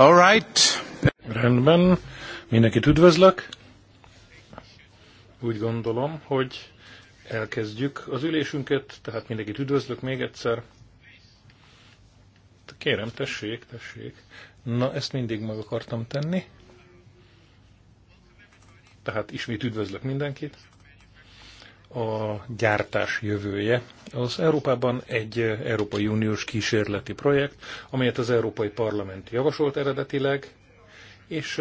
All right. Rendben. Mindenkit üdvözlök. Úgy gondolom, hogy elkezdjük az ülésünket, tehát mindenkit üdvözlök még egyszer. Kérem, tessék, tessék. Na, ezt mindig meg akartam tenni. Tehát ismét üdvözlök mindenkit a gyártás jövője. Az Európában egy Európai Uniós kísérleti projekt, amelyet az Európai Parlament javasolt eredetileg, és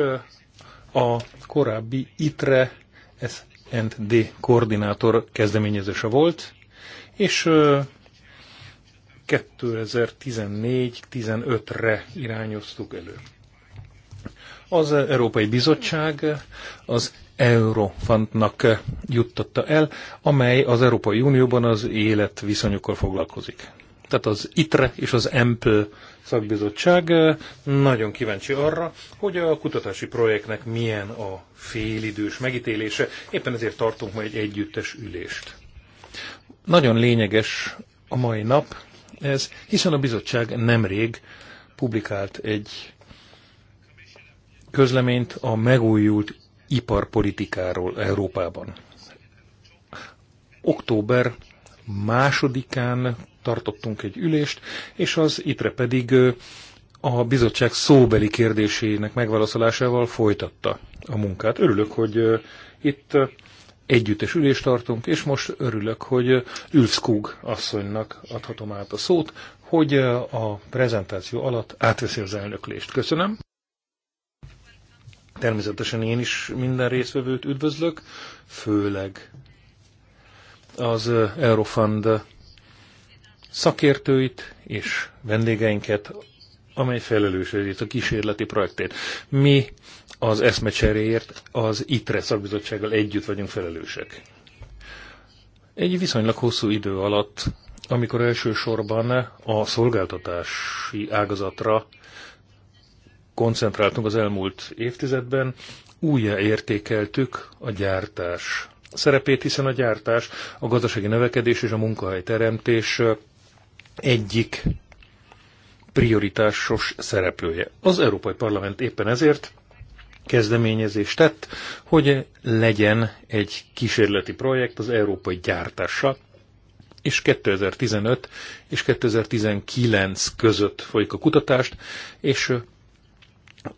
a korábbi ITRE S&D koordinátor kezdeményezése volt, és 2014-15-re irányoztuk elő. Az Európai Bizottság az eurofantnak eh, juttatta el, amely az Európai Unióban az életviszonyokkal foglalkozik. Tehát az ITRE és az EMPL szakbizottság eh, nagyon kíváncsi arra, hogy a kutatási projektnek milyen a félidős megítélése. Éppen ezért tartunk ma egy együttes ülést. Nagyon lényeges a mai nap ez, hiszen a bizottság nemrég publikált egy közleményt a megújult iparpolitikáról Európában. Október másodikán tartottunk egy ülést, és az ITRE pedig a bizottság szóbeli kérdésének megválaszolásával folytatta a munkát. Örülök, hogy itt együttes ülést tartunk, és most örülök, hogy Ülfskug asszonynak adhatom át a szót, hogy a prezentáció alatt átveszi az elnöklést. Köszönöm. Természetesen én is minden részvevőt üdvözlök, főleg az Eurofund szakértőit és vendégeinket, amely felelős a kísérleti projektét. Mi az eszmecseréért az ITRE szakbizottsággal együtt vagyunk felelősek. Egy viszonylag hosszú idő alatt, amikor elsősorban a szolgáltatási ágazatra koncentráltunk az elmúlt évtizedben, újjáértékeltük a gyártás szerepét, hiszen a gyártás a gazdasági növekedés és a munkahely teremtés egyik prioritásos szereplője. Az Európai Parlament éppen ezért kezdeményezést tett, hogy legyen egy kísérleti projekt az európai gyártással, és 2015 és 2019 között folyik a kutatást, és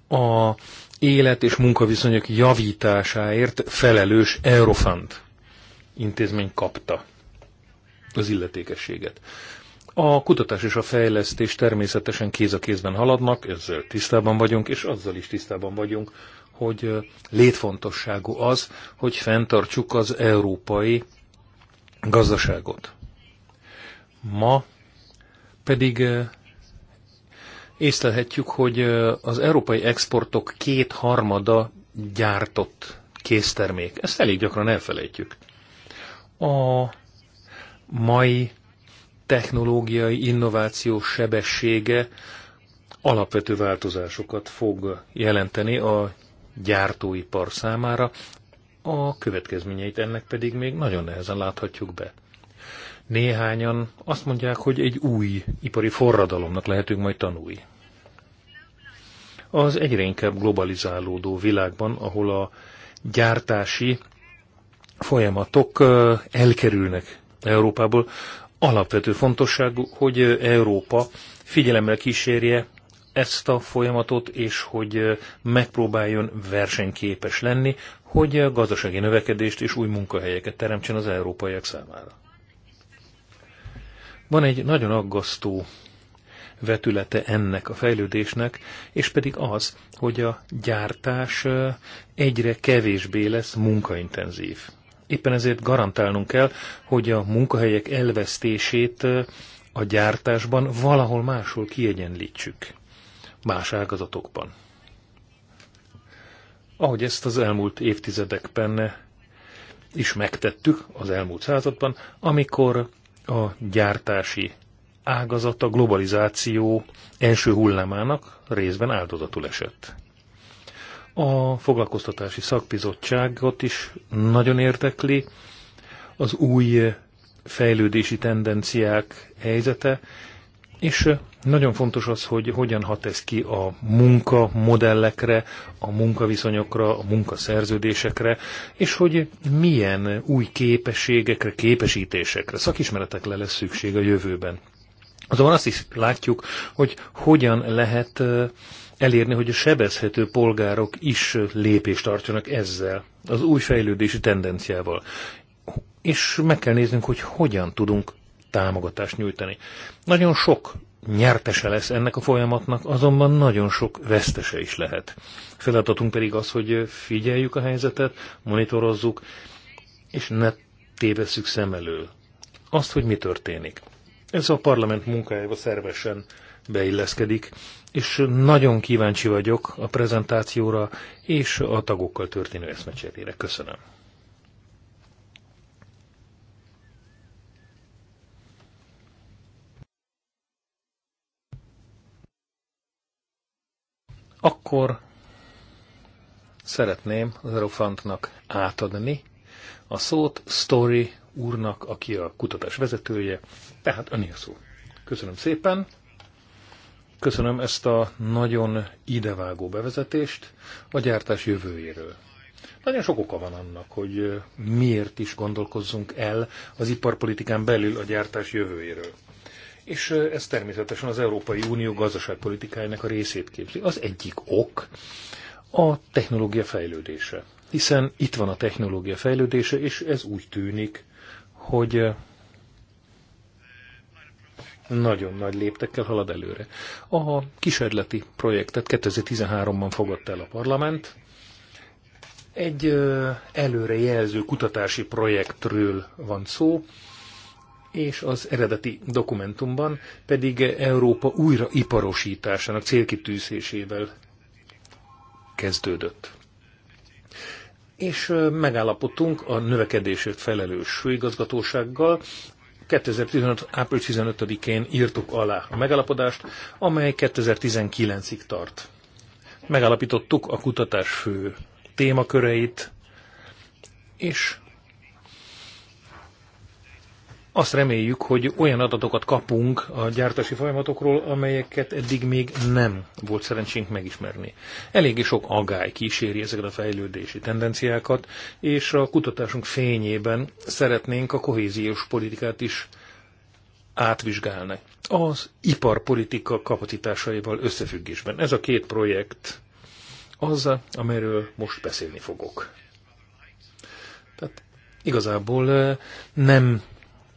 a élet és munkaviszonyok javításáért felelős Eurofund intézmény kapta az illetékességet. A kutatás és a fejlesztés természetesen kéz a kézben haladnak, ezzel tisztában vagyunk, és azzal is tisztában vagyunk, hogy létfontosságú az, hogy fenntartsuk az európai gazdaságot. Ma pedig észlelhetjük, hogy az európai exportok kétharmada gyártott késztermék. Ezt elég gyakran elfelejtjük. A mai technológiai innováció sebessége alapvető változásokat fog jelenteni a gyártóipar számára, a következményeit ennek pedig még nagyon nehezen láthatjuk be. Néhányan azt mondják, hogy egy új ipari forradalomnak lehetünk majd tanulni az egyre inkább globalizálódó világban, ahol a gyártási folyamatok elkerülnek Európából, alapvető fontosságú, hogy Európa figyelemmel kísérje ezt a folyamatot, és hogy megpróbáljon versenyképes lenni, hogy gazdasági növekedést és új munkahelyeket teremtsen az európaiak számára. Van egy nagyon aggasztó vetülete ennek a fejlődésnek, és pedig az, hogy a gyártás egyre kevésbé lesz munkaintenzív. Éppen ezért garantálnunk kell, hogy a munkahelyek elvesztését a gyártásban valahol máshol kiegyenlítsük, más ágazatokban. Ahogy ezt az elmúlt évtizedekben is megtettük az elmúlt században, amikor a gyártási ágazata globalizáció első hullámának részben áldozatul esett. A foglalkoztatási szakbizottságot is nagyon érdekli az új fejlődési tendenciák helyzete, és nagyon fontos az, hogy hogyan hat ez ki a munka modellekre, a munkaviszonyokra, a munkaszerződésekre, és hogy milyen új képességekre, képesítésekre, szakismeretekre lesz szükség a jövőben. Azonban azt is látjuk, hogy hogyan lehet elérni, hogy a sebezhető polgárok is lépést tartsanak ezzel, az új fejlődési tendenciával. És meg kell néznünk, hogy hogyan tudunk támogatást nyújtani. Nagyon sok nyertese lesz ennek a folyamatnak, azonban nagyon sok vesztese is lehet. Feladatunk pedig az, hogy figyeljük a helyzetet, monitorozzuk, és ne tévesszük szem elől azt, hogy mi történik ez a parlament munkájába szervesen beilleszkedik, és nagyon kíváncsi vagyok a prezentációra és a tagokkal történő eszmecserére. Köszönöm. Akkor szeretném az Eurofantnak átadni a szót Story úrnak, aki a kutatás vezetője. Tehát önél szó. Köszönöm szépen. Köszönöm ezt a nagyon idevágó bevezetést a gyártás jövőjéről. Nagyon sok oka van annak, hogy miért is gondolkozzunk el az iparpolitikán belül a gyártás jövőjéről. És ez természetesen az Európai Unió gazdaságpolitikájának a részét képzi. Az egyik ok a technológia fejlődése. Hiszen itt van a technológia fejlődése, és ez úgy tűnik, hogy nagyon nagy léptekkel halad előre. A kísérleti projektet 2013-ban fogadta el a parlament. Egy előrejelző kutatási projektről van szó, és az eredeti dokumentumban pedig Európa újraiparosításának célkitűzésével kezdődött és megállapodtunk a növekedésért felelős főigazgatósággal. 2015. április 15-én írtuk alá a megállapodást, amely 2019-ig tart. Megállapítottuk a kutatás fő témaköreit, és azt reméljük, hogy olyan adatokat kapunk a gyártási folyamatokról, amelyeket eddig még nem volt szerencsénk megismerni. Eléggé sok agály kíséri ezeket a fejlődési tendenciákat, és a kutatásunk fényében szeretnénk a kohéziós politikát is átvizsgálni. Az iparpolitika kapacitásaival összefüggésben. Ez a két projekt az, amelyről most beszélni fogok. Tehát igazából eh, nem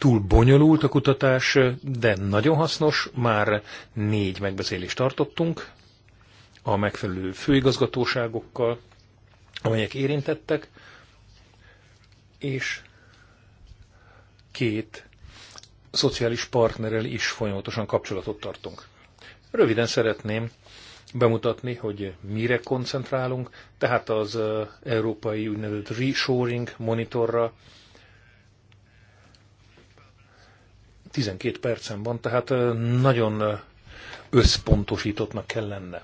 túl bonyolult a kutatás, de nagyon hasznos. Már négy megbeszélést tartottunk a megfelelő főigazgatóságokkal, amelyek érintettek, és két szociális partnerrel is folyamatosan kapcsolatot tartunk. Röviden szeretném bemutatni, hogy mire koncentrálunk, tehát az európai úgynevezett reshoring monitorra, 12 percem van, tehát nagyon összpontosítottnak kell lennem.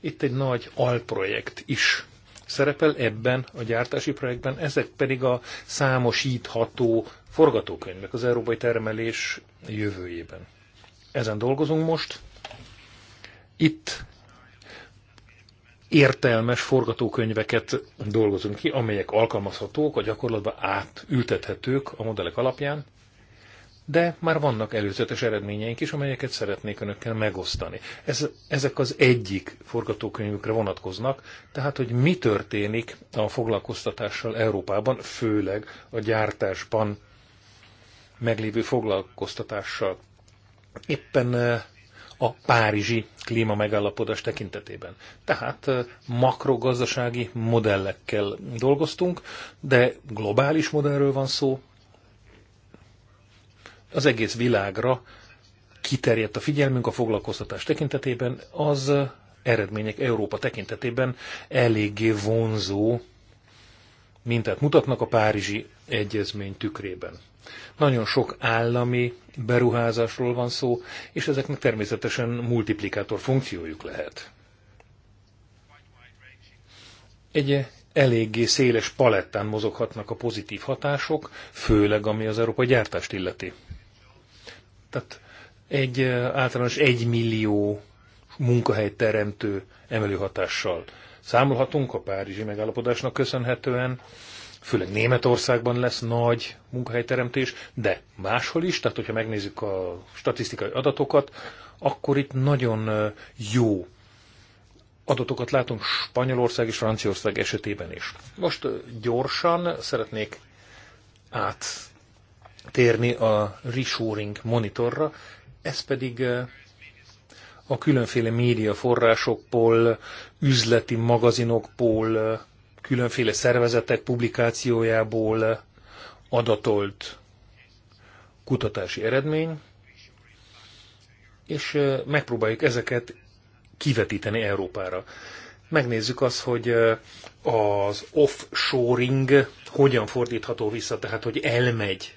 Itt egy nagy alprojekt is szerepel ebben a gyártási projektben, ezek pedig a számosítható forgatókönyvek az európai termelés jövőjében. Ezen dolgozunk most. Itt értelmes forgatókönyveket dolgozunk ki, amelyek alkalmazhatók, a gyakorlatban átültethetők a modellek alapján, de már vannak előzetes eredményeink is, amelyeket szeretnék önökkel megosztani. Ez, ezek az egyik forgatókönyvükre vonatkoznak, tehát hogy mi történik a foglalkoztatással Európában, főleg a gyártásban meglévő foglalkoztatással. Éppen eh, a párizsi klíma megállapodás tekintetében. Tehát makrogazdasági modellekkel dolgoztunk, de globális modellről van szó. Az egész világra kiterjedt a figyelmünk a foglalkoztatás tekintetében, az eredmények Európa tekintetében eléggé vonzó mintát mutatnak a Párizsi Egyezmény tükrében. Nagyon sok állami beruházásról van szó, és ezeknek természetesen multiplikátor funkciójuk lehet. Egy eléggé széles palettán mozoghatnak a pozitív hatások, főleg ami az Európa gyártást illeti. Tehát egy eh, általános 1 millió munkahely teremtő emelő hatással számolhatunk a Párizsi megállapodásnak köszönhetően, főleg Németországban lesz nagy munkahelyteremtés, de máshol is, tehát hogyha megnézzük a statisztikai adatokat, akkor itt nagyon jó adatokat látunk Spanyolország és Franciaország esetében is. Most gyorsan szeretnék áttérni a reshoring monitorra, ez pedig a különféle médiaforrásokból, üzleti magazinokból, különféle szervezetek publikációjából adatolt kutatási eredmény, és megpróbáljuk ezeket kivetíteni Európára. Megnézzük azt, hogy az offshoring hogyan fordítható vissza, tehát hogy elmegy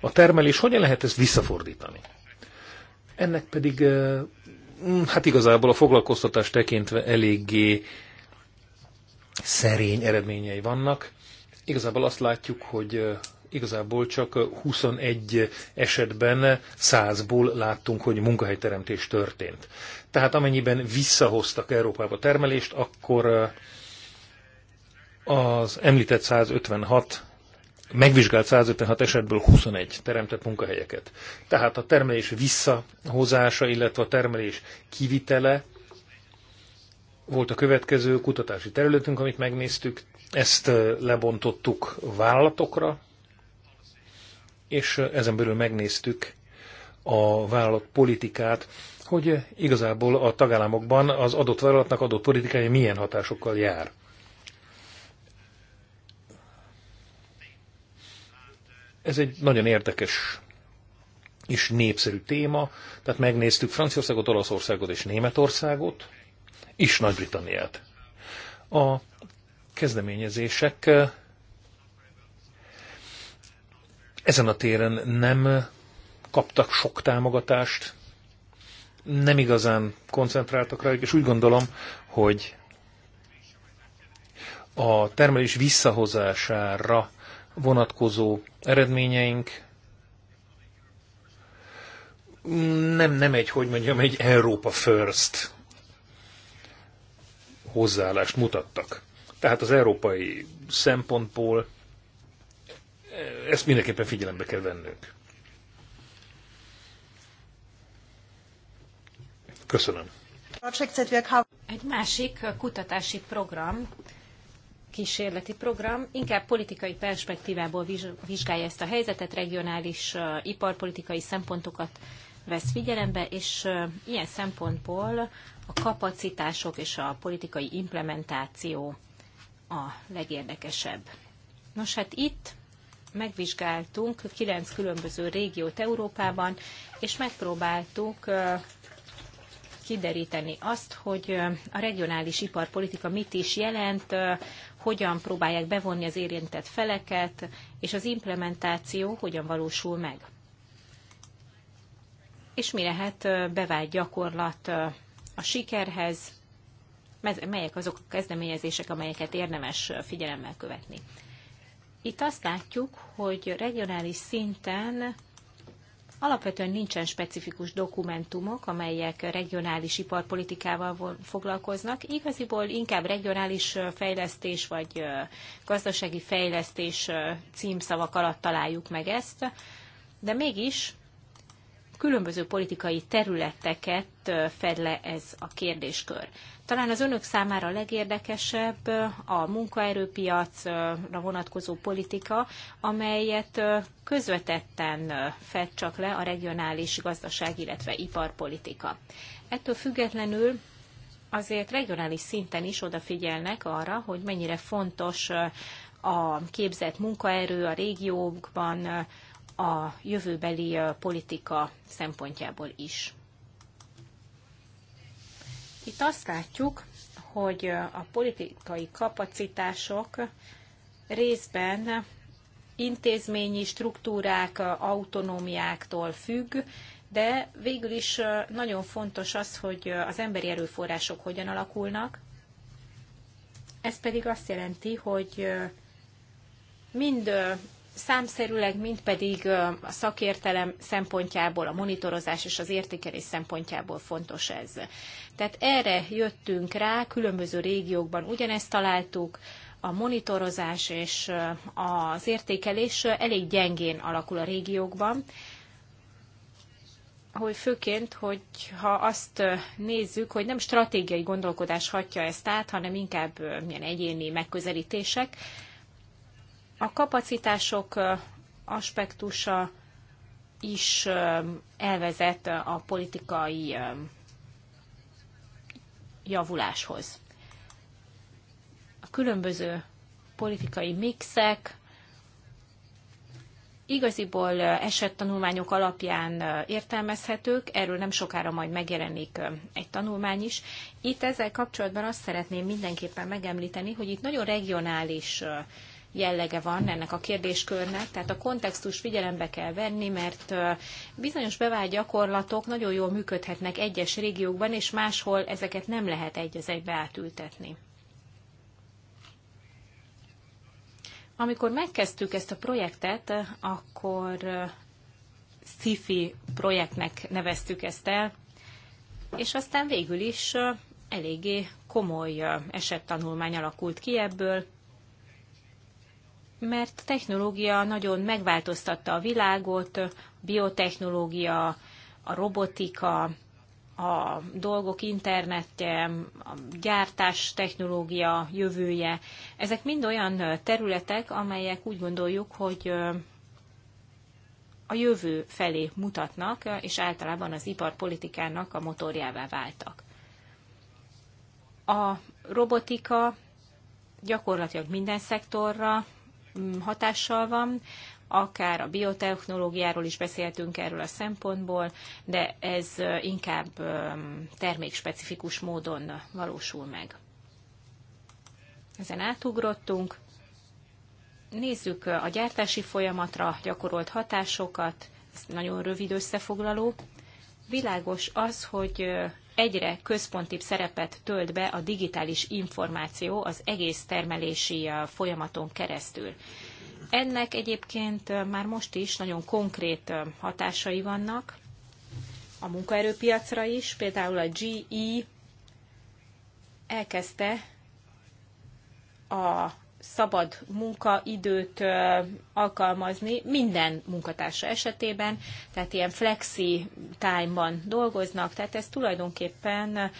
a termelés, hogyan lehet ezt visszafordítani. Ennek pedig, hát igazából a foglalkoztatás tekintve eléggé szerény eredményei vannak. Igazából azt látjuk, hogy igazából csak 21 esetben 100-ból láttunk, hogy munkahelyteremtés történt. Tehát amennyiben visszahoztak Európába termelést, akkor az említett 156 megvizsgált 156 esetből 21 teremtett munkahelyeket. Tehát a termelés visszahozása, illetve a termelés kivitele volt a következő kutatási területünk, amit megnéztük. Ezt lebontottuk vállalatokra, és ezen belül megnéztük a vállalat politikát, hogy igazából a tagállamokban az adott vállalatnak adott politikája milyen hatásokkal jár. Ez egy nagyon érdekes és népszerű téma, tehát megnéztük Franciaországot, Olaszországot és Németországot, is Nagy-Britanniát. A kezdeményezések eh, ezen a téren nem kaptak sok támogatást, nem igazán koncentráltak rájuk, és úgy gondolom, hogy a termelés visszahozására vonatkozó eredményeink nem, nem egy, hogy mondjam, egy Európa first hozzáállást mutattak. Tehát az európai szempontból eh, ezt mindenképpen figyelembe kell vennünk. Köszönöm. Egy másik kutatási program, kísérleti program, inkább politikai perspektívából vizsgálja ezt a helyzetet, regionális eh, iparpolitikai szempontokat vesz figyelembe, és eh, ilyen szempontból a kapacitások és a politikai implementáció a legérdekesebb. Nos, hát itt megvizsgáltunk kilenc különböző régiót Európában, és megpróbáltuk kideríteni azt, hogy a regionális iparpolitika mit is jelent, hogyan próbálják bevonni az érintett feleket, és az implementáció hogyan valósul meg. És mi lehet bevált gyakorlat a sikerhez, melyek azok a kezdeményezések, amelyeket érdemes figyelemmel követni. Itt azt látjuk, hogy regionális szinten alapvetően nincsen specifikus dokumentumok, amelyek regionális iparpolitikával foglalkoznak. Igaziból inkább regionális fejlesztés vagy gazdasági fejlesztés címszavak alatt találjuk meg ezt, de mégis különböző politikai területeket fed le ez a kérdéskör. Talán az önök számára a legérdekesebb a munkaerőpiacra vonatkozó politika, amelyet közvetetten fed csak le a regionális gazdaság, illetve iparpolitika. Ettől függetlenül azért regionális szinten is odafigyelnek arra, hogy mennyire fontos a képzett munkaerő a régiókban, a jövőbeli politika szempontjából is. Itt azt látjuk, hogy a politikai kapacitások részben intézményi struktúrák, autonómiáktól függ, de végül is nagyon fontos az, hogy az emberi erőforrások hogyan alakulnak. Ez pedig azt jelenti, hogy mind számszerűleg, mind pedig a szakértelem szempontjából, a monitorozás és az értékelés szempontjából fontos ez. Tehát erre jöttünk rá, különböző régiókban ugyanezt találtuk, a monitorozás és az értékelés elég gyengén alakul a régiókban, hogy főként, hogy ha azt nézzük, hogy nem stratégiai gondolkodás hatja ezt át, hanem inkább milyen egyéni megközelítések, a kapacitások aspektusa is elvezet a politikai javuláshoz. A különböző politikai mixek igaziból esettanulmányok alapján értelmezhetők, erről nem sokára majd megjelenik egy tanulmány is. Itt ezzel kapcsolatban azt szeretném mindenképpen megemlíteni, hogy itt nagyon regionális jellege van ennek a kérdéskörnek, tehát a kontextus figyelembe kell venni, mert bizonyos bevált gyakorlatok nagyon jól működhetnek egyes régiókban, és máshol ezeket nem lehet egy az egybe átültetni. Amikor megkezdtük ezt a projektet, akkor sci projektnek neveztük ezt el, és aztán végül is eléggé komoly esettanulmány alakult ki ebből, mert technológia nagyon megváltoztatta a világot, a biotechnológia, a robotika, a dolgok internetje, a gyártás technológia jövője. Ezek mind olyan területek, amelyek úgy gondoljuk, hogy a jövő felé mutatnak, és általában az iparpolitikának a motorjává váltak. A robotika gyakorlatilag minden szektorra Mm, hatással van, akár a biotechnológiáról is beszéltünk erről a szempontból, de ez inkább termékspecifikus módon valósul meg. Ezen átugrottunk. Nézzük a gyártási folyamatra gyakorolt hatásokat, ez nagyon rövid összefoglaló. Világos az, hogy egyre központibb szerepet tölt be a digitális információ az egész termelési folyamaton keresztül. Ennek egyébként már most is nagyon konkrét hatásai vannak a munkaerőpiacra is, például a GE elkezdte a szabad munkaidőt alkalmazni minden munkatársa esetében, tehát ilyen flexi time-ban dolgoznak, tehát ez tulajdonképpen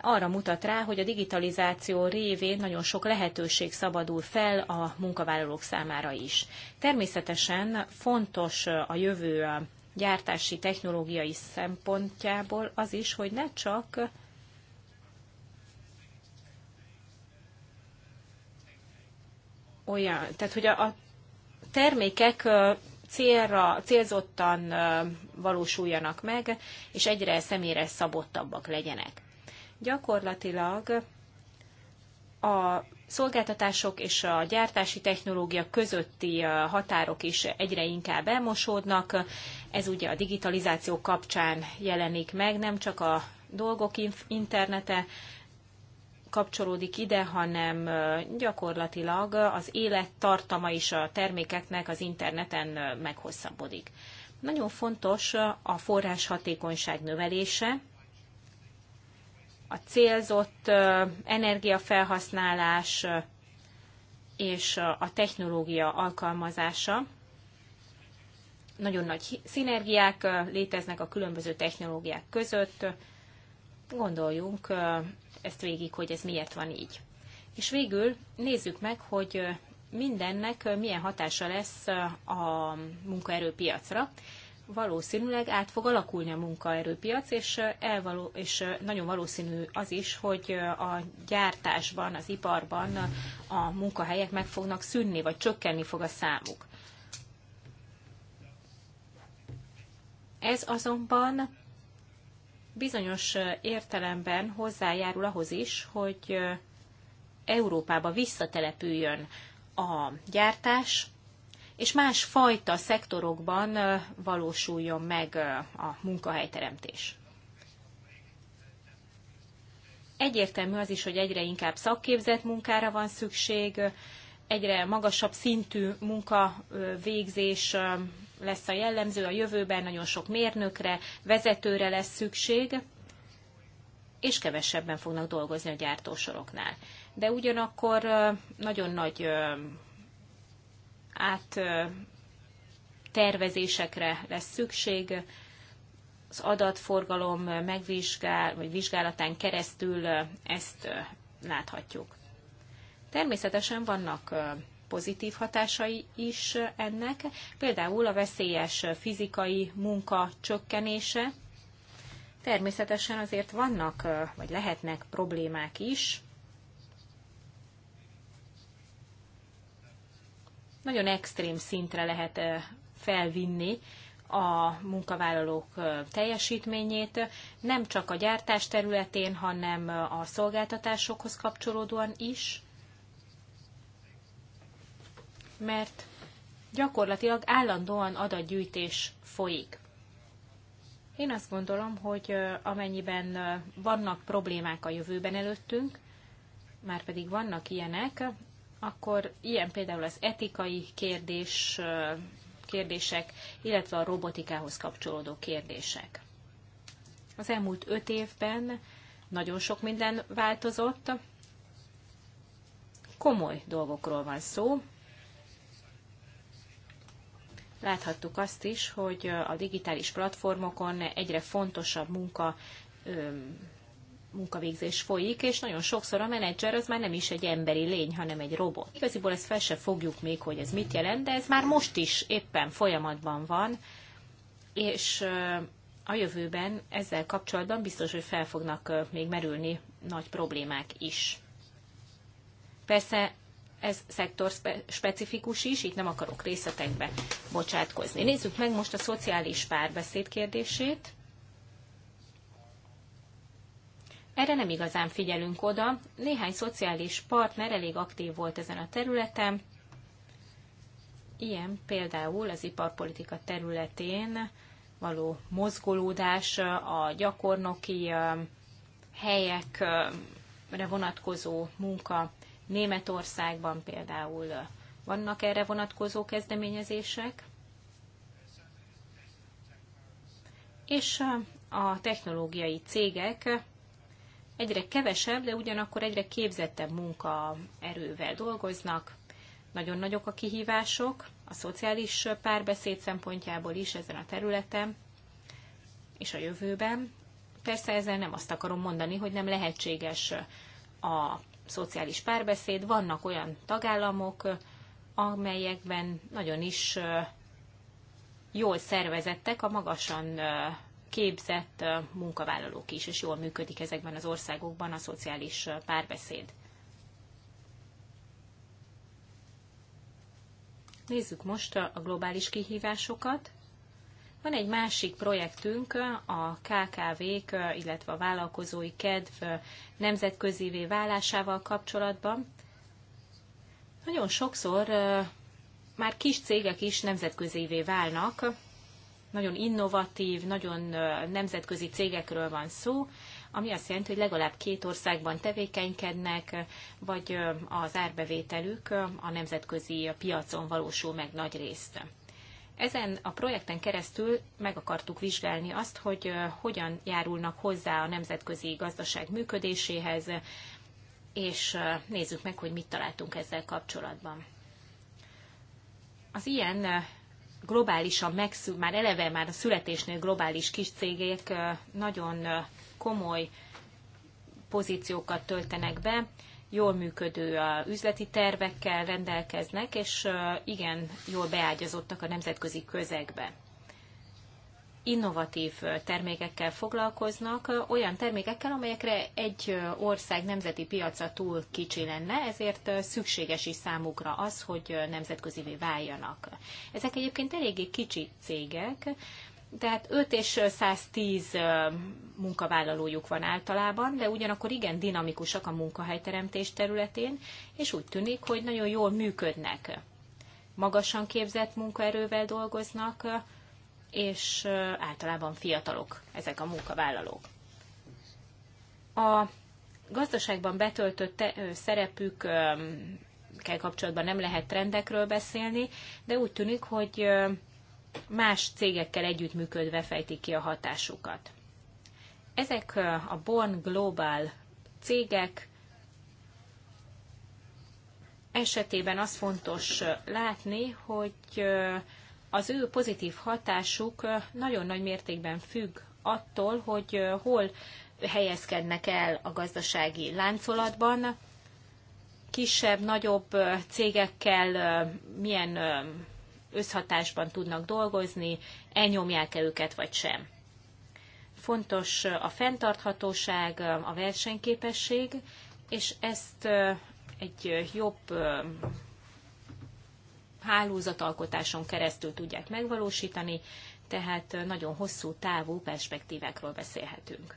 arra mutat rá, hogy a digitalizáció révén nagyon sok lehetőség szabadul fel a munkavállalók számára is. Természetesen fontos a jövő gyártási technológiai szempontjából az is, hogy ne csak olyan, tehát hogy a, a termékek célra, célzottan valósuljanak meg, és egyre személyre szabottabbak legyenek. Gyakorlatilag a szolgáltatások és a gyártási technológia közötti határok is egyre inkább elmosódnak. Ez ugye a digitalizáció kapcsán jelenik meg, nem csak a dolgok internete, kapcsolódik ide, hanem gyakorlatilag az élettartama is a termékeknek az interneten meghosszabbodik. Nagyon fontos a forrás hatékonyság növelése, a célzott energiafelhasználás és a technológia alkalmazása. Nagyon nagy szinergiák léteznek a különböző technológiák között. Gondoljunk ezt végig, hogy ez miért van így. És végül nézzük meg, hogy mindennek milyen hatása lesz a munkaerőpiacra. Valószínűleg át fog alakulni a munkaerőpiac, és, elvaló, és nagyon valószínű az is, hogy a gyártásban, az iparban a munkahelyek meg fognak szűnni, vagy csökkenni fog a számuk. Ez azonban bizonyos értelemben hozzájárul ahhoz is, hogy Európába visszatelepüljön a gyártás, és más fajta szektorokban valósuljon meg a munkahelyteremtés. Egyértelmű az is, hogy egyre inkább szakképzett munkára van szükség, egyre magasabb szintű munkavégzés lesz a jellemző a jövőben, nagyon sok mérnökre, vezetőre lesz szükség, és kevesebben fognak dolgozni a gyártósoroknál. De ugyanakkor nagyon nagy át tervezésekre lesz szükség, az adatforgalom megvizsgál, vagy vizsgálatán keresztül ezt láthatjuk. Természetesen vannak pozitív hatásai is ennek, például a veszélyes fizikai munka csökkenése. Természetesen azért vannak, vagy lehetnek problémák is. Nagyon extrém szintre lehet felvinni a munkavállalók teljesítményét, nem csak a gyártás területén, hanem a szolgáltatásokhoz kapcsolódóan is mert gyakorlatilag állandóan adatgyűjtés folyik. Én azt gondolom, hogy amennyiben vannak problémák a jövőben előttünk, már pedig vannak ilyenek, akkor ilyen például az etikai kérdés, kérdések, illetve a robotikához kapcsolódó kérdések. Az elmúlt öt évben nagyon sok minden változott. Komoly dolgokról van szó, Láthattuk azt is, hogy a digitális platformokon egyre fontosabb munka munkavégzés folyik, és nagyon sokszor a menedzser az már nem is egy emberi lény, hanem egy robot. Igaziból ezt fel se fogjuk még, hogy ez mit jelent, de ez már most is éppen folyamatban van, és a jövőben ezzel kapcsolatban biztos, hogy fel fognak még merülni nagy problémák is. Persze ez szektor specifikus is, itt nem akarok részletekbe bocsátkozni. Nézzük meg most a szociális párbeszéd kérdését. Erre nem igazán figyelünk oda. Néhány szociális partner elég aktív volt ezen a területen. Ilyen például az iparpolitika területén való mozgolódás, a gyakornoki helyekre vonatkozó munka, Németországban például vannak erre vonatkozó kezdeményezések, és a technológiai cégek egyre kevesebb, de ugyanakkor egyre képzettebb munkaerővel dolgoznak. Nagyon nagyok a kihívások a szociális párbeszéd szempontjából is ezen a területen és a jövőben. Persze ezzel nem azt akarom mondani, hogy nem lehetséges a szociális párbeszéd, vannak olyan tagállamok, amelyekben nagyon is jól szervezettek a magasan képzett munkavállalók is, és jól működik ezekben az országokban a szociális párbeszéd. Nézzük most a globális kihívásokat. Van egy másik projektünk, a KKV-k, illetve a vállalkozói kedv nemzetközi válásával kapcsolatban. Nagyon sokszor már kis cégek is nemzetközévé válnak, nagyon innovatív, nagyon nemzetközi cégekről van szó, ami azt jelenti, hogy legalább két országban tevékenykednek, vagy az árbevételük a nemzetközi piacon valósul meg nagy részt. Ezen a projekten keresztül meg akartuk vizsgálni azt, hogy hogyan járulnak hozzá a nemzetközi gazdaság működéséhez, és nézzük meg, hogy mit találtunk ezzel kapcsolatban. Az ilyen globálisan megszül, már eleve már a születésnél globális kis cégek nagyon komoly pozíciókat töltenek be, jól működő üzleti tervekkel rendelkeznek, és igen, jól beágyazottak a nemzetközi közegbe. Innovatív termékekkel foglalkoznak, olyan termékekkel, amelyekre egy ország nemzeti piaca túl kicsi lenne, ezért szükséges is számukra az, hogy nemzetközivé váljanak. Ezek egyébként eléggé kicsi cégek, tehát 5 és 110 munkavállalójuk van általában, de ugyanakkor igen dinamikusak a munkahelyteremtés területén, és úgy tűnik, hogy nagyon jól működnek. Magasan képzett munkaerővel dolgoznak, és általában fiatalok ezek a munkavállalók. A gazdaságban betöltött szerepük kell kapcsolatban nem lehet trendekről beszélni, de úgy tűnik, hogy más cégekkel együttműködve fejtik ki a hatásukat. Ezek a Born Global cégek esetében az fontos látni, hogy az ő pozitív hatásuk nagyon nagy mértékben függ attól, hogy hol helyezkednek el a gazdasági láncolatban, kisebb, nagyobb cégekkel milyen összhatásban tudnak dolgozni, elnyomják-e őket vagy sem. Fontos a fenntarthatóság, a versenyképesség, és ezt egy jobb hálózatalkotáson keresztül tudják megvalósítani, tehát nagyon hosszú távú perspektívákról beszélhetünk.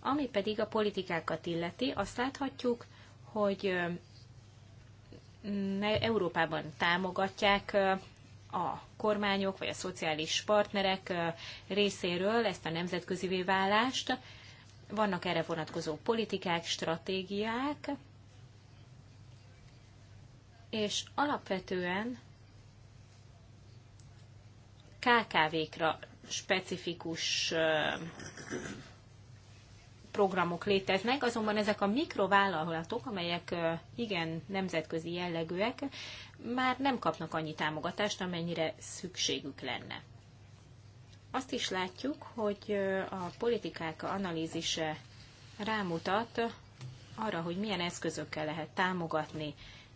Ami pedig a politikákat illeti, azt láthatjuk, hogy Európában támogatják a kormányok vagy a szociális partnerek részéről ezt a nemzetközi válást. Vannak erre vonatkozó politikák, stratégiák, és alapvetően KKV-kra specifikus programok léteznek, azonban ezek a mikrovállalatok, amelyek igen nemzetközi jellegűek, már nem kapnak annyi támogatást, amennyire szükségük lenne. Azt is látjuk, hogy a politikák analízise rámutat arra, hogy milyen eszközökkel lehet támogatni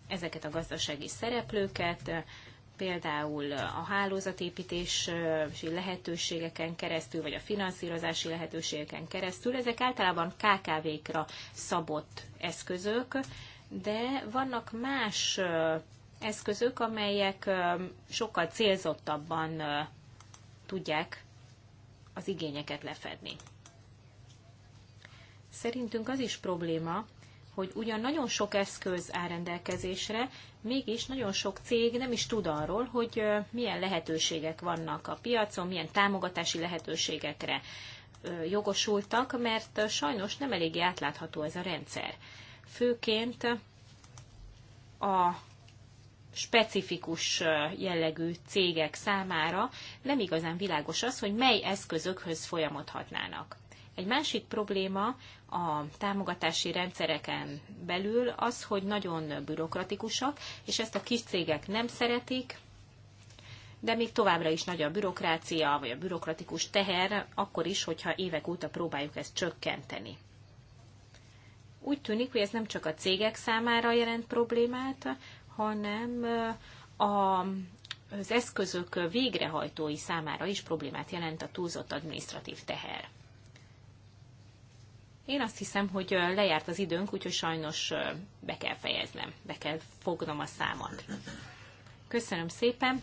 ezeket a gazdasági szereplőket, például a hálózatépítési lehetőségeken keresztül, vagy a finanszírozási lehetőségeken keresztül. Ezek általában KKV-kra szabott eszközök, de vannak más eszközök, amelyek sokkal célzottabban tudják az igényeket lefedni. Szerintünk az is probléma, hogy ugyan nagyon sok eszköz áll rendelkezésre, mégis nagyon sok cég nem is tud arról, hogy milyen lehetőségek vannak a piacon, milyen támogatási lehetőségekre jogosultak, mert sajnos nem eléggé átlátható ez a rendszer. Főként a specifikus jellegű cégek számára nem igazán világos az, hogy mely eszközökhöz folyamodhatnának. Egy másik probléma a támogatási rendszereken belül az, hogy nagyon bürokratikusak, és ezt a kis cégek nem szeretik, de még továbbra is nagy a bürokrácia, vagy a bürokratikus teher, akkor is, hogyha évek óta próbáljuk ezt csökkenteni. Úgy tűnik, hogy ez nem csak a cégek számára jelent problémát, hanem a, az eszközök végrehajtói számára is problémát jelent a túlzott administratív teher. Én azt hiszem, hogy lejárt az időnk, úgyhogy sajnos be kell fejeznem, be kell fognom a számat. Köszönöm szépen.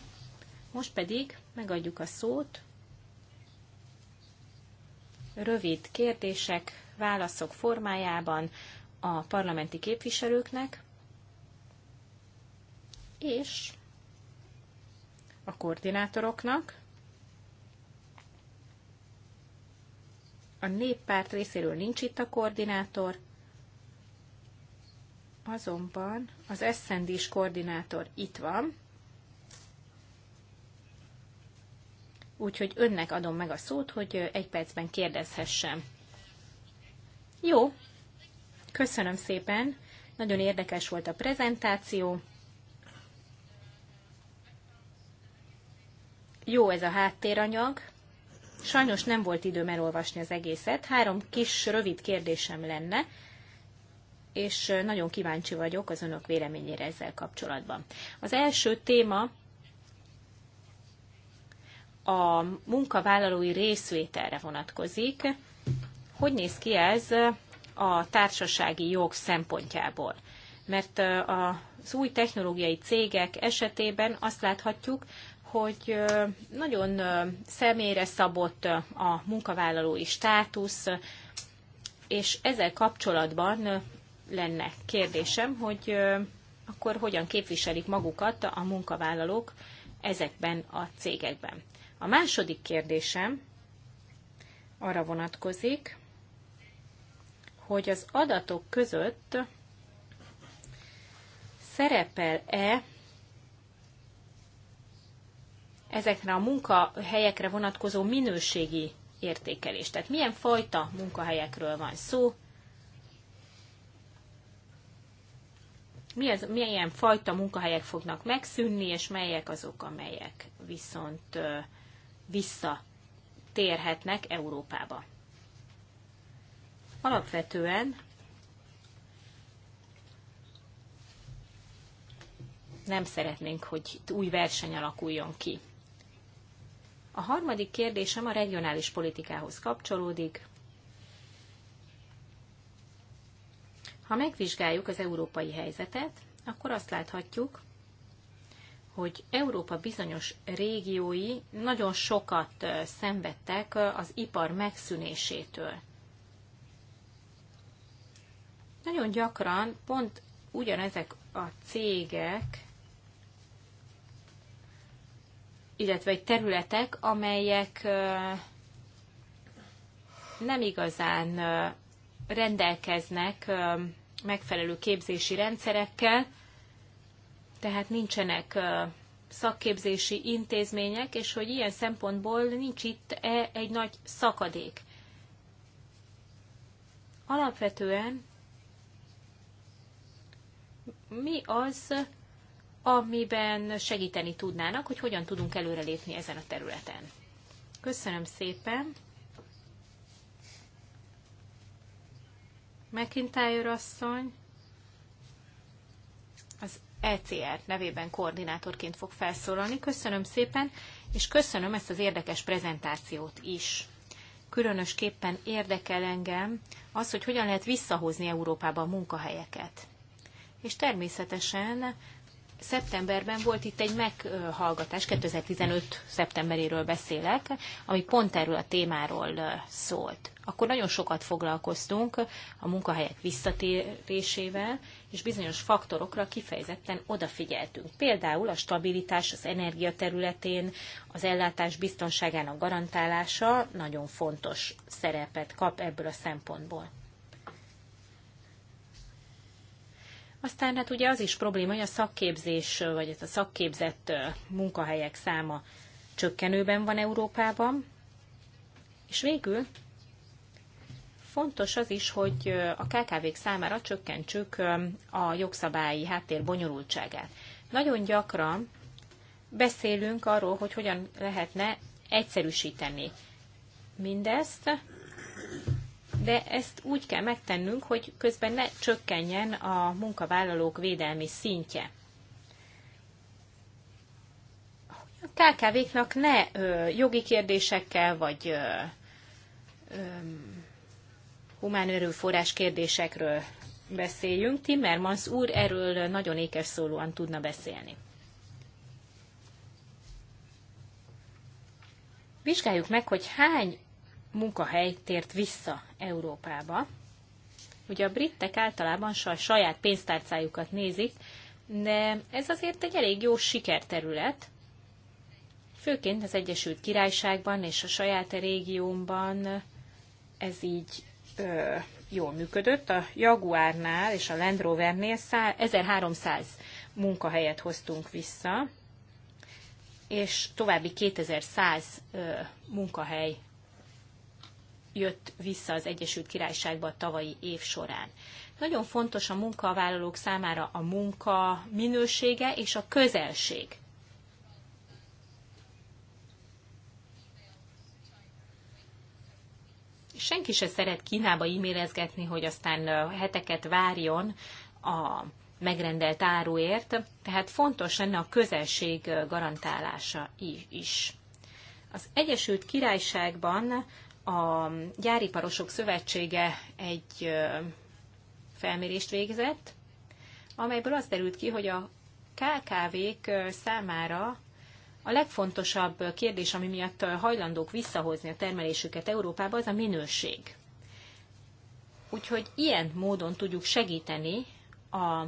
Most pedig megadjuk a szót. Rövid kérdések, válaszok formájában a parlamenti képviselőknek, és a koordinátoroknak. A néppárt részéről nincs itt a koordinátor, azonban az sznd koordinátor itt van, úgyhogy önnek adom meg a szót, hogy egy percben kérdezhessem. Jó, köszönöm szépen, nagyon érdekes volt a prezentáció. Jó ez a háttéranyag, Sajnos nem volt időm elolvasni az egészet. Három kis, rövid kérdésem lenne, és nagyon kíváncsi vagyok az önök véleményére ezzel kapcsolatban. Az első téma a munkavállalói részvételre vonatkozik. Hogy néz ki ez a társasági jog szempontjából? Mert az új technológiai cégek esetében azt láthatjuk, hogy nagyon személyre szabott a munkavállalói státusz, és ezzel kapcsolatban lenne kérdésem, hogy akkor hogyan képviselik magukat a munkavállalók ezekben a cégekben. A második kérdésem arra vonatkozik, hogy az adatok között szerepel-e ezekre a munkahelyekre vonatkozó minőségi értékelést, Tehát milyen fajta munkahelyekről van szó, mi az, milyen fajta munkahelyek fognak megszűnni, és melyek azok, amelyek viszont visszatérhetnek Európába. Alapvetően nem szeretnénk, hogy itt új verseny alakuljon ki. A harmadik kérdésem a regionális politikához kapcsolódik. Ha megvizsgáljuk az európai helyzetet, akkor azt láthatjuk, hogy Európa bizonyos régiói nagyon sokat szenvedtek az ipar megszűnésétől. Nagyon gyakran pont ugyanezek a cégek illetve egy területek, amelyek nem igazán rendelkeznek megfelelő képzési rendszerekkel, tehát nincsenek szakképzési intézmények, és hogy ilyen szempontból nincs itt -e egy nagy szakadék. Alapvetően mi az, amiben segíteni tudnának, hogy hogyan tudunk előrelépni ezen a területen. Köszönöm szépen! McIntyre asszony az ECR nevében koordinátorként fog felszólalni. Köszönöm szépen, és köszönöm ezt az érdekes prezentációt is. Különösképpen érdekel engem az, hogy hogyan lehet visszahozni Európába a munkahelyeket. És természetesen szeptemberben volt itt egy meghallgatás, 2015. szeptemberéről beszélek, ami pont erről a témáról szólt. Akkor nagyon sokat foglalkoztunk a munkahelyek visszatérésével, és bizonyos faktorokra kifejezetten odafigyeltünk. Például a stabilitás az energia területén, az ellátás biztonságának garantálása nagyon fontos szerepet kap ebből a szempontból. Aztán hát ugye az is probléma, hogy a szakképzés, vagy ez a szakképzett munkahelyek száma csökkenőben van Európában. És végül fontos az is, hogy a KKV-k számára csökkentsük a jogszabályi háttér bonyolultságát. Nagyon gyakran beszélünk arról, hogy hogyan lehetne egyszerűsíteni mindezt, de ezt úgy kell megtennünk, hogy közben ne csökkenjen a munkavállalók védelmi szintje. A KKV-knak ne ö, jogi kérdésekkel vagy ö, ö, humán erőforrás kérdésekről beszéljünk. Timmermans úr erről nagyon ékes szólóan tudna beszélni. Vizsgáljuk meg, hogy hány munkahely tért vissza Európába. Ugye a britek általában saját pénztárcájukat nézik, de ez azért egy elég jó sikerterület, főként az Egyesült Királyságban és a saját régiómban ez így ö, jól működött. A Jaguárnál és a Land Rovernél 1300 munkahelyet hoztunk vissza, és további 2100 ö, munkahely jött vissza az Egyesült Királyságba a tavalyi év során. Nagyon fontos a munkavállalók számára a munka minősége és a közelség. Senki se szeret Kínába e-mailezgetni, hogy aztán heteket várjon a megrendelt áruért, tehát fontos lenne a közelség garantálása is. Az Egyesült Királyságban a Gyáriparosok Szövetsége egy felmérést végzett, amelyből az derült ki, hogy a KKV-k számára a legfontosabb kérdés, ami miatt hajlandók visszahozni a termelésüket Európába, az a minőség. Úgyhogy ilyen módon tudjuk segíteni a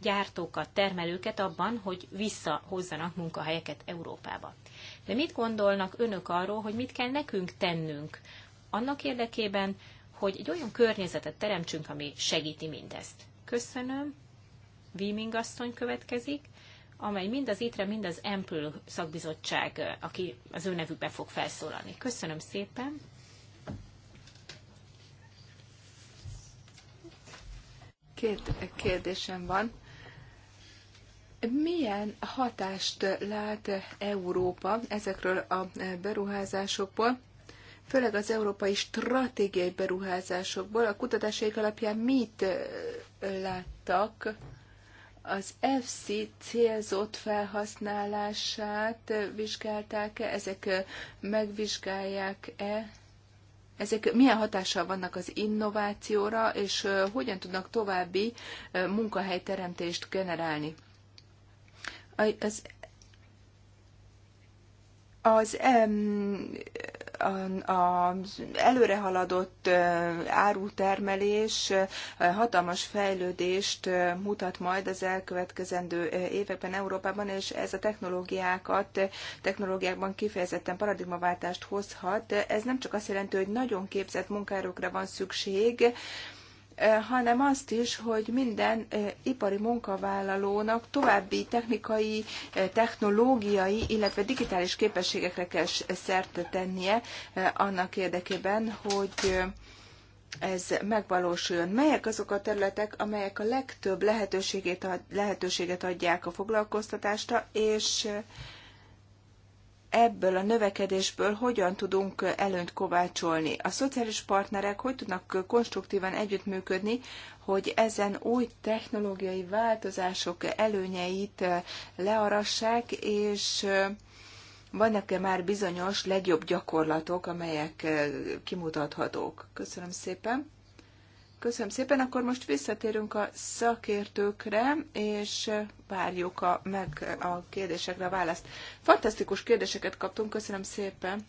gyártókat, termelőket abban, hogy visszahozzanak munkahelyeket Európába. De mit gondolnak önök arról, hogy mit kell nekünk tennünk annak érdekében, hogy egy olyan környezetet teremtsünk, ami segíti mindezt? Köszönöm. Víming asszony következik, amely mind az ITRE, mind az EMPL szakbizottság, aki az ő nevükbe fog felszólalni. Köszönöm szépen. Két kérdésem van. Milyen hatást lát Európa ezekről a beruházásokból, főleg az európai stratégiai beruházásokból? A kutatásaik alapján mit láttak? Az FC célzott felhasználását vizsgálták-e? Ezek megvizsgálják-e? Ezek milyen hatással vannak az innovációra, és hogyan tudnak további munkahelyteremtést generálni? az, az az előrehaladott árutermelés hatalmas fejlődést mutat majd az elkövetkezendő években Európában, és ez a technológiákat, technológiákban kifejezetten paradigmaváltást hozhat. Ez nem csak azt jelenti, hogy nagyon képzett munkárokra van szükség, hanem azt is, hogy minden ipari munkavállalónak további technikai, technológiai, illetve digitális képességekre kell szert tennie annak érdekében, hogy ez megvalósuljon. Melyek azok a területek, amelyek a legtöbb lehetőséget, lehetőséget adják a foglalkoztatásra, és ebből a növekedésből hogyan tudunk előnyt kovácsolni. A szociális partnerek hogy tudnak konstruktívan együttműködni, hogy ezen új technológiai változások előnyeit learassák, és vannak-e már bizonyos legjobb gyakorlatok, amelyek kimutathatók? Köszönöm szépen! Köszönöm szépen, akkor most visszatérünk a szakértőkre, és várjuk a, meg a kérdésekre a választ. Fantasztikus kérdéseket kaptunk, köszönöm szépen.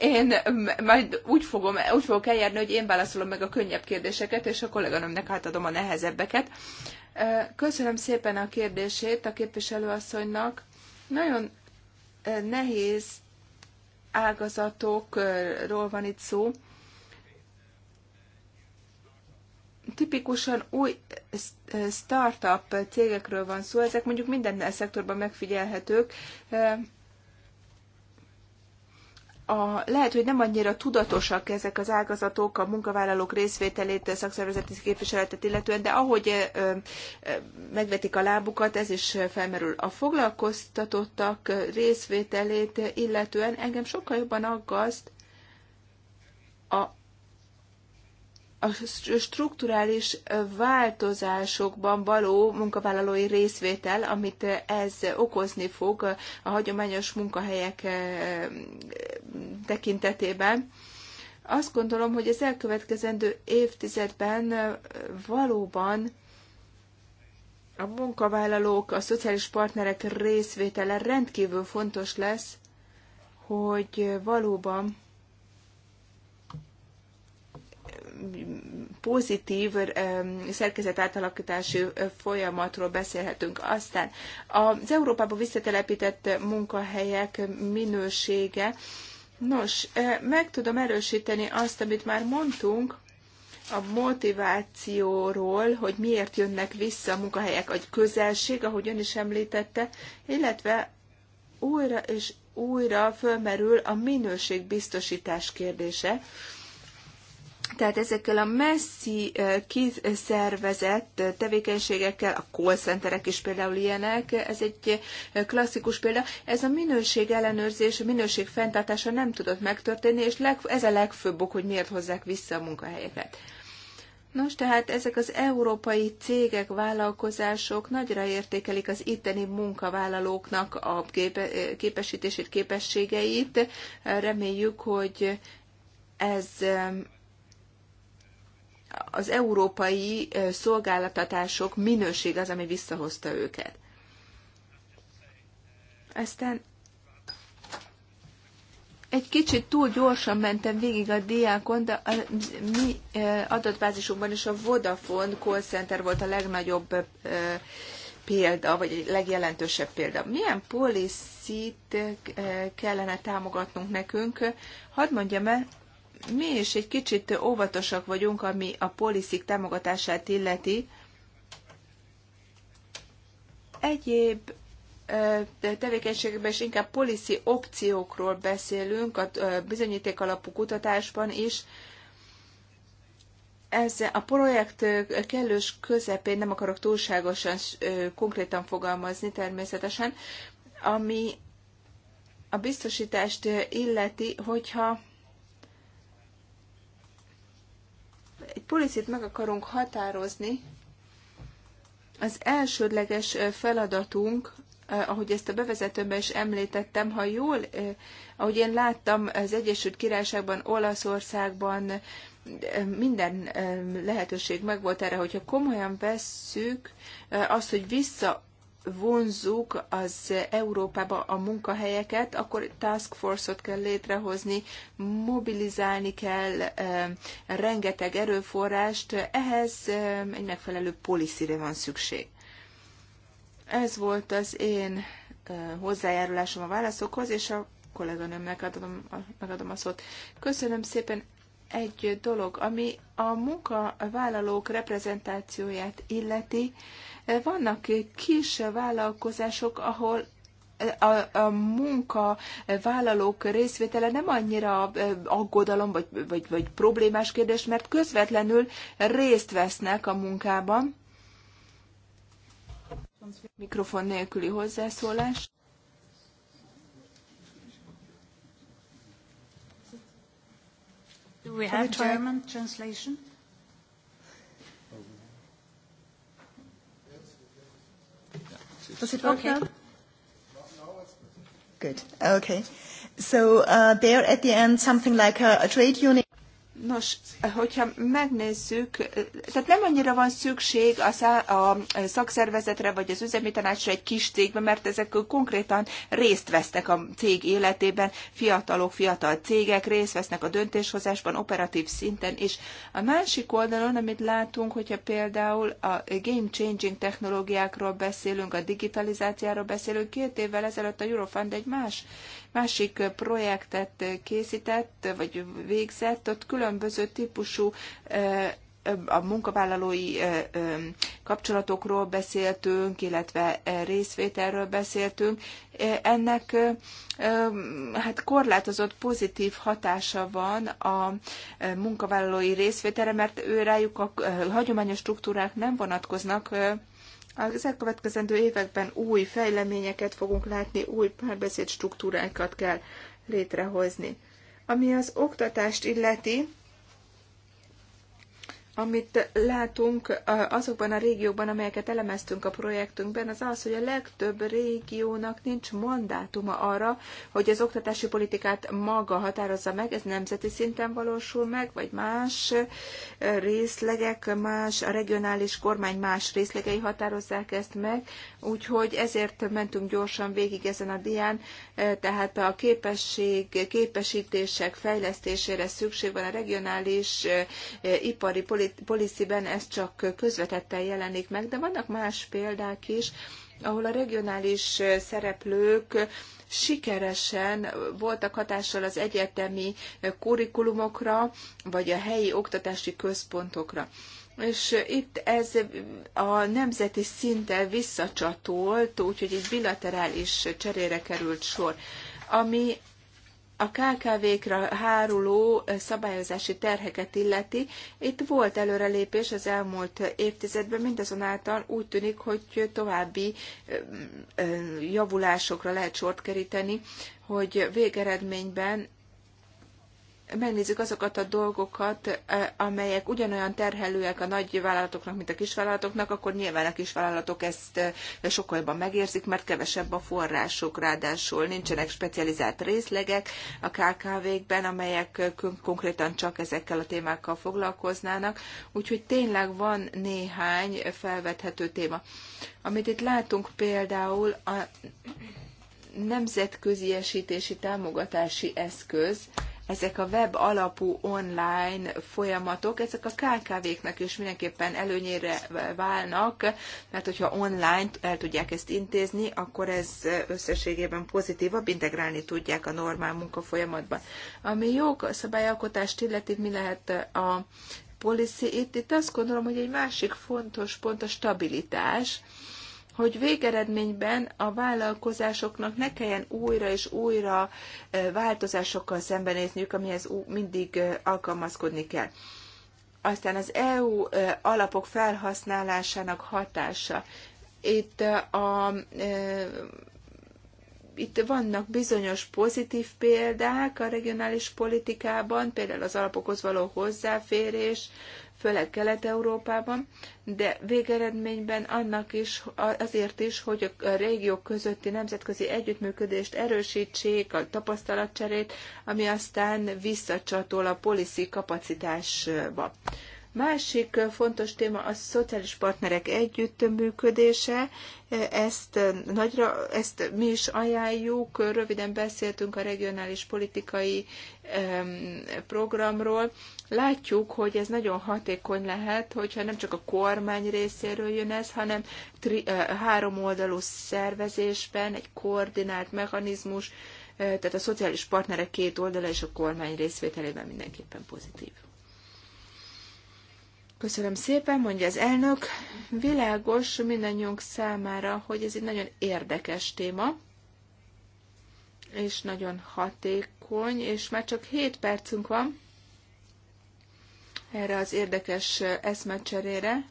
Én majd úgy, fogom, úgy fogok eljárni, hogy én válaszolom meg a könnyebb kérdéseket, és a kolléganőmnek átadom a nehezebbeket. Köszönöm szépen a kérdését a képviselőasszonynak. Nagyon nehéz ágazatokról van itt szó. Tipikusan új startup cégekről van szó, ezek mondjuk minden szektorban megfigyelhetők, a, lehet, hogy nem annyira tudatosak ezek az ágazatok a munkavállalók részvételét, szakszervezeti képviseletet illetően, de ahogy e, e, megvetik a lábukat, ez is felmerül. A foglalkoztatottak részvételét illetően engem sokkal jobban aggaszt a a strukturális változásokban való munkavállalói részvétel, amit ez okozni fog a hagyományos munkahelyek tekintetében. Azt gondolom, hogy az elkövetkezendő évtizedben valóban a munkavállalók, a szociális partnerek részvétele rendkívül fontos lesz, hogy valóban pozitív szerkezet átalakítási folyamatról beszélhetünk. Aztán az Európába visszatelepített munkahelyek minősége. Nos, meg tudom erősíteni azt, amit már mondtunk, a motivációról, hogy miért jönnek vissza a munkahelyek, a közelség, ahogy ön is említette, illetve újra és újra fölmerül a minőségbiztosítás kérdése. Tehát ezekkel a messzi kiszervezett tevékenységekkel, a call centerek is például ilyenek, ez egy klasszikus példa. Ez a minőség ellenőrzés, a minőség fenntartása nem tudott megtörténni, és ez a legfőbb ok, hogy miért hozzák vissza a munkahelyeket. Nos, tehát ezek az európai cégek, vállalkozások nagyra értékelik az itteni munkavállalóknak a képesítését, képességeit. Reméljük, hogy ez az európai szolgáltatások minőség az, ami visszahozta őket. Aztán egy kicsit túl gyorsan mentem végig a diákon, de a mi adatbázisunkban is a Vodafone call center volt a legnagyobb példa, vagy egy legjelentősebb példa. Milyen policy kellene támogatnunk nekünk? Hadd mondjam el, mi is egy kicsit óvatosak vagyunk, ami a poliszik támogatását illeti. Egyéb tevékenységben is inkább policy opciókról beszélünk, a bizonyíték alapú kutatásban is. Ez a projekt kellős közepén nem akarok túlságosan konkrétan fogalmazni természetesen, ami a biztosítást illeti, hogyha egy policit meg akarunk határozni, az elsődleges feladatunk, ahogy ezt a bevezetőben is említettem, ha jól, ahogy én láttam az Egyesült Királyságban, Olaszországban, minden lehetőség megvolt erre, hogyha komolyan vesszük azt, hogy vissza vonzuk az Európába a munkahelyeket, akkor task force-ot kell létrehozni, mobilizálni kell rengeteg erőforrást, ehhez egy megfelelő policyre van szükség. Ez volt az én hozzájárulásom a válaszokhoz, és a kolléganőmnek adom, megadom a szót. Köszönöm szépen, egy dolog, ami a munkavállalók reprezentációját illeti. Vannak kis vállalkozások, ahol a, a munkavállalók részvétele nem annyira aggodalom vagy, vagy, vagy problémás kérdés, mert közvetlenül részt vesznek a munkában. Mikrofon nélküli hozzászólás. Do we have we German translation? Does it work now? Good. Okay. So uh, there at the end, something like a, a trade union. Nos, hogyha megnézzük, tehát nem annyira van szükség a, szá- a szakszervezetre vagy az üzemi tanácsra egy kis cégbe, mert ezek konkrétan részt vesznek a cég életében, fiatalok, fiatal cégek részt vesznek a döntéshozásban, operatív szinten és A másik oldalon, amit látunk, hogyha például a game changing technológiákról beszélünk, a digitalizációról beszélünk, két évvel ezelőtt a Eurofund egy más másik projektet készített, vagy végzett, ott különböző típusú a munkavállalói kapcsolatokról beszéltünk, illetve részvételről beszéltünk. Ennek hát korlátozott pozitív hatása van a munkavállalói részvételre, mert ő rájuk a hagyományos struktúrák nem vonatkoznak, az elkövetkezendő években új fejleményeket fogunk látni, új párbeszéd struktúrákat kell létrehozni. Ami az oktatást illeti, amit látunk azokban a régiókban, amelyeket elemeztünk a projektünkben, az az, hogy a legtöbb régiónak nincs mandátuma arra, hogy az oktatási politikát maga határozza meg, ez nemzeti szinten valósul meg, vagy más részlegek, más, a regionális kormány más részlegei határozzák ezt meg, úgyhogy ezért mentünk gyorsan végig ezen a dián, tehát a képesség, képesítések fejlesztésére szükség van a regionális ipari politikát, policyben ez csak közvetetten jelenik meg, de vannak más példák is, ahol a regionális szereplők sikeresen voltak hatással az egyetemi kurikulumokra, vagy a helyi oktatási központokra. És itt ez a nemzeti szinten visszacsatolt, úgyhogy egy bilaterális cserére került sor. Ami a KKV-kra háruló szabályozási terheket illeti, itt volt előrelépés az elmúlt évtizedben, mindazonáltal úgy tűnik, hogy további javulásokra lehet sort keríteni, hogy végeredményben megnézzük azokat a dolgokat, eh, amelyek ugyanolyan terhelőek a nagy vállalatoknak, mint a kisvállalatoknak, akkor nyilván a kisvállalatok ezt eh, sokkal jobban megérzik, mert kevesebb a források, ráadásul nincsenek specializált részlegek a KKV-kben, amelyek eh, konkrétan csak ezekkel a témákkal foglalkoznának, úgyhogy tényleg van néhány felvethető téma. Amit itt látunk például a nemzetközi esítési támogatási eszköz, ezek a web alapú online folyamatok, ezek a KKV-knak is mindenképpen előnyére válnak, mert hogyha online el tudják ezt intézni, akkor ez összességében pozitívabb, integrálni tudják a normál munkafolyamatban. Ami szabályalkotást illeti, mi lehet a policy, itt, itt azt gondolom, hogy egy másik fontos pont a stabilitás, hogy végeredményben a vállalkozásoknak ne kelljen újra és újra változásokkal szembenézniük, amihez mindig alkalmazkodni kell. Aztán az EU alapok felhasználásának hatása. Itt a itt vannak bizonyos pozitív példák a regionális politikában, például az alapokhoz való hozzáférés, főleg Kelet-Európában, de végeredményben annak is, azért is, hogy a régiók közötti nemzetközi együttműködést erősítsék, a tapasztalatcserét, ami aztán visszacsatol a policy kapacitásba. Másik fontos téma a szociális partnerek együttműködése. Ezt, nagyra, ezt mi is ajánljuk. Röviden beszéltünk a regionális politikai programról. Látjuk, hogy ez nagyon hatékony lehet, hogyha nem csak a kormány részéről jön ez, hanem tri, három oldalú szervezésben egy koordinált mechanizmus, tehát a szociális partnerek két oldala és a kormány részvételében mindenképpen pozitív. Köszönöm szépen, mondja az elnök. Világos mindannyiunk számára, hogy ez egy nagyon érdekes téma, és nagyon hatékony, és már csak 7 percünk van erre az érdekes eszmecserére.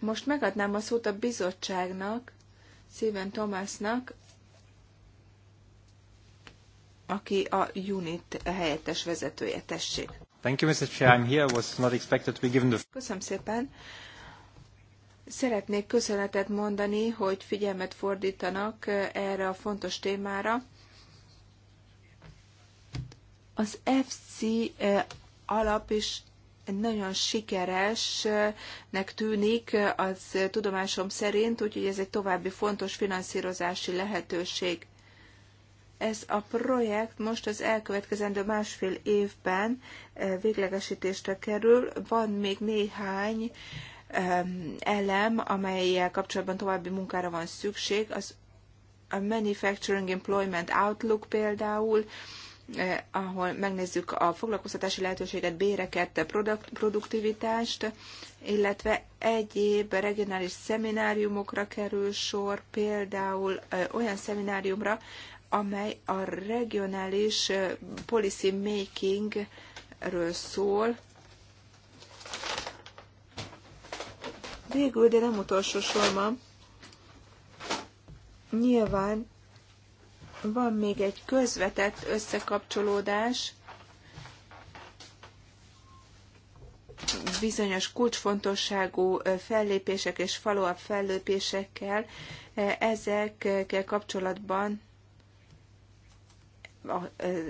Most megadnám a szót a bizottságnak, Szíven Tomásnak, aki a unit helyettes vezetője. Tessék. Thank you, Mr. Chair. I'm here. Was not expected to be given the... Köszönöm szépen. Szeretnék köszönetet mondani, hogy figyelmet fordítanak erre a fontos témára. Az FC eh, alap is nagyon sikeresnek tűnik az tudomásom szerint, úgyhogy ez egy további fontos finanszírozási lehetőség. Ez a projekt most az elkövetkezendő másfél évben eh, véglegesítésre kerül. Van még néhány elem, amelyel kapcsolatban további munkára van szükség. Az a Manufacturing Employment Outlook például, Eh, ahol megnézzük a foglalkoztatási lehetőséget, béreket, produktivitást, illetve egyéb regionális szemináriumokra kerül sor, például eh, olyan szemináriumra, amely a regionális eh, policy makingről szól. Végül, de nem utolsó sorban, nyilván van még egy közvetett összekapcsolódás bizonyos kulcsfontosságú fellépések és follow-up fellépésekkel. Ezekkel kapcsolatban az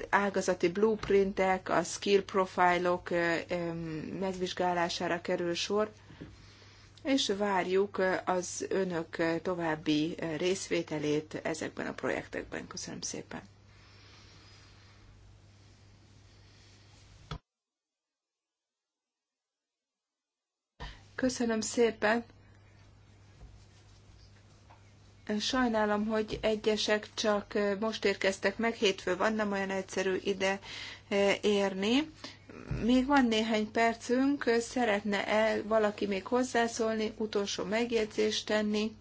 ágazati blueprintek, a skill profilok megvizsgálására kerül sor és várjuk az önök további részvételét ezekben a projektekben. Köszönöm szépen! Köszönöm szépen! Sajnálom, hogy egyesek csak most érkeztek meg, hétfő van, nem olyan egyszerű ide érni. Még van néhány percünk, szeretne el valaki még hozzászólni, utolsó megjegyzést tenni?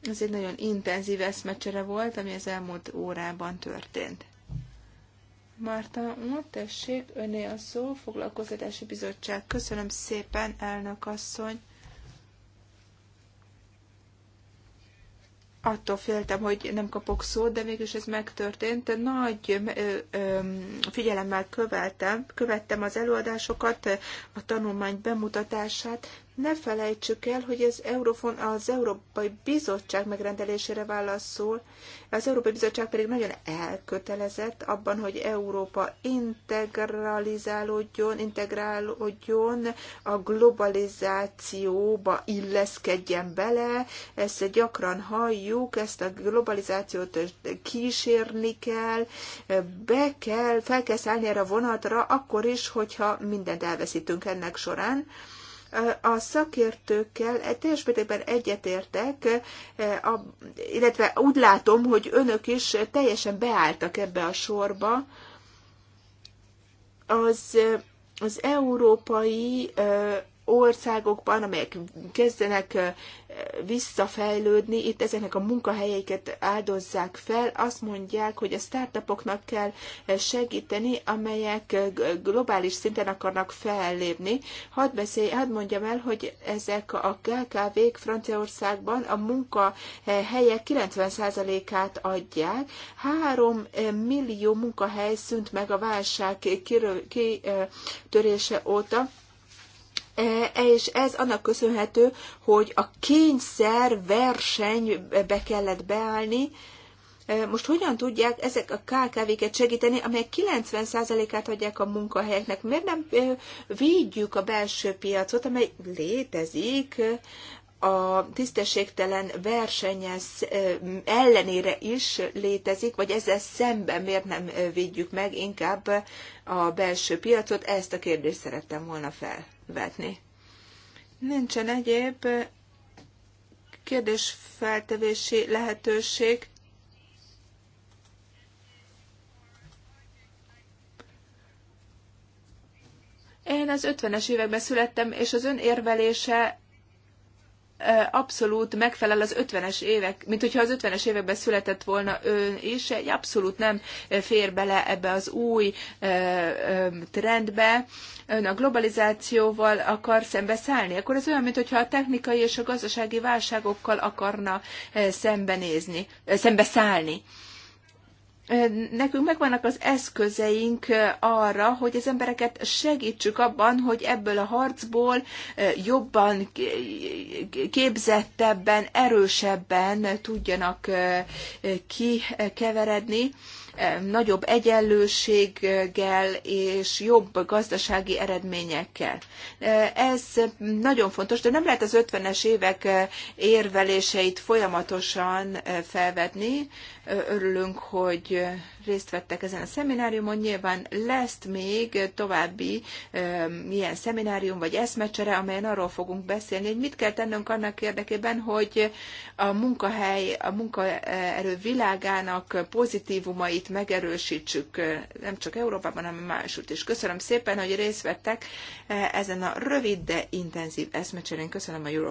Ez egy nagyon intenzív eszmecsere volt, ami az elmúlt órában történt. Márta, úr, tessék, öné a szó, foglalkozatási bizottság. Köszönöm szépen, elnök asszony. attól féltem, hogy nem kapok szót, de mégis ez megtörtént. Nagy figyelemmel követtem, követtem az előadásokat, a tanulmány bemutatását, ne felejtsük el, hogy az, Eurofon, az Európai Bizottság megrendelésére válaszol, az Európai Bizottság pedig nagyon elkötelezett abban, hogy Európa integralizálódjon, integrálódjon, a globalizációba illeszkedjen bele. Ezt gyakran halljuk, ezt a globalizációt kísérni kell, be kell, fel kell szállni erre a vonatra, akkor is, hogyha mindent elveszítünk ennek során a szakértőkkel teljes mértékben egyetértek, e, illetve úgy látom, hogy önök is teljesen beálltak ebbe a sorba. Az, e, az európai e, országokban, amelyek kezdenek visszafejlődni, itt ezeknek a munkahelyeiket áldozzák fel, azt mondják, hogy a startupoknak kell segíteni, amelyek globális szinten akarnak fellépni. Hadd, beszélj, hadd mondjam el, hogy ezek a KKV-k Franciaországban a munkahelyek 90%-át adják. Három millió munkahely szűnt meg a válság kitörése óta E, és ez annak köszönhető, hogy a kényszer versenybe kellett beállni, e, most hogyan tudják ezek a KKV-ket segíteni, amelyek 90%-át adják a munkahelyeknek? Miért nem e, védjük a belső piacot, amely létezik a tisztességtelen versenyes ellenére is létezik, vagy ezzel szemben miért nem védjük meg inkább a belső piacot? Ezt a kérdést szerettem volna fel vetni. Nincsen egyéb kérdésfeltevési lehetőség. Én az 50-es években születtem, és az ön érvelése abszolút megfelel az 50-es évek, mint hogyha az 50-es években született volna ön is, egy abszolút nem fér bele ebbe az új trendbe. Ön a globalizációval akar szembeszállni, akkor ez olyan, mintha a technikai és a gazdasági válságokkal akarna szembenézni, szembeszállni nekünk megvannak az eszközeink arra, hogy az embereket segítsük abban, hogy ebből a harcból jobban, képzettebben, erősebben tudjanak kikeveredni, nagyobb egyenlőséggel és jobb gazdasági eredményekkel. Ez nagyon fontos, de nem lehet az 50-es évek érveléseit folyamatosan felvetni. Örülünk, hogy részt vettek ezen a szemináriumon. Nyilván lesz még további ilyen szeminárium vagy eszmecsere, amelyen arról fogunk beszélni, hogy mit kell tennünk annak érdekében, hogy a munkahely, a munkaerő világának pozitívumait megerősítsük, nem csak Európában, hanem másút is. Köszönöm szépen, hogy részt vettek ezen a rövid, de intenzív eszmecserén. Köszönöm a Euro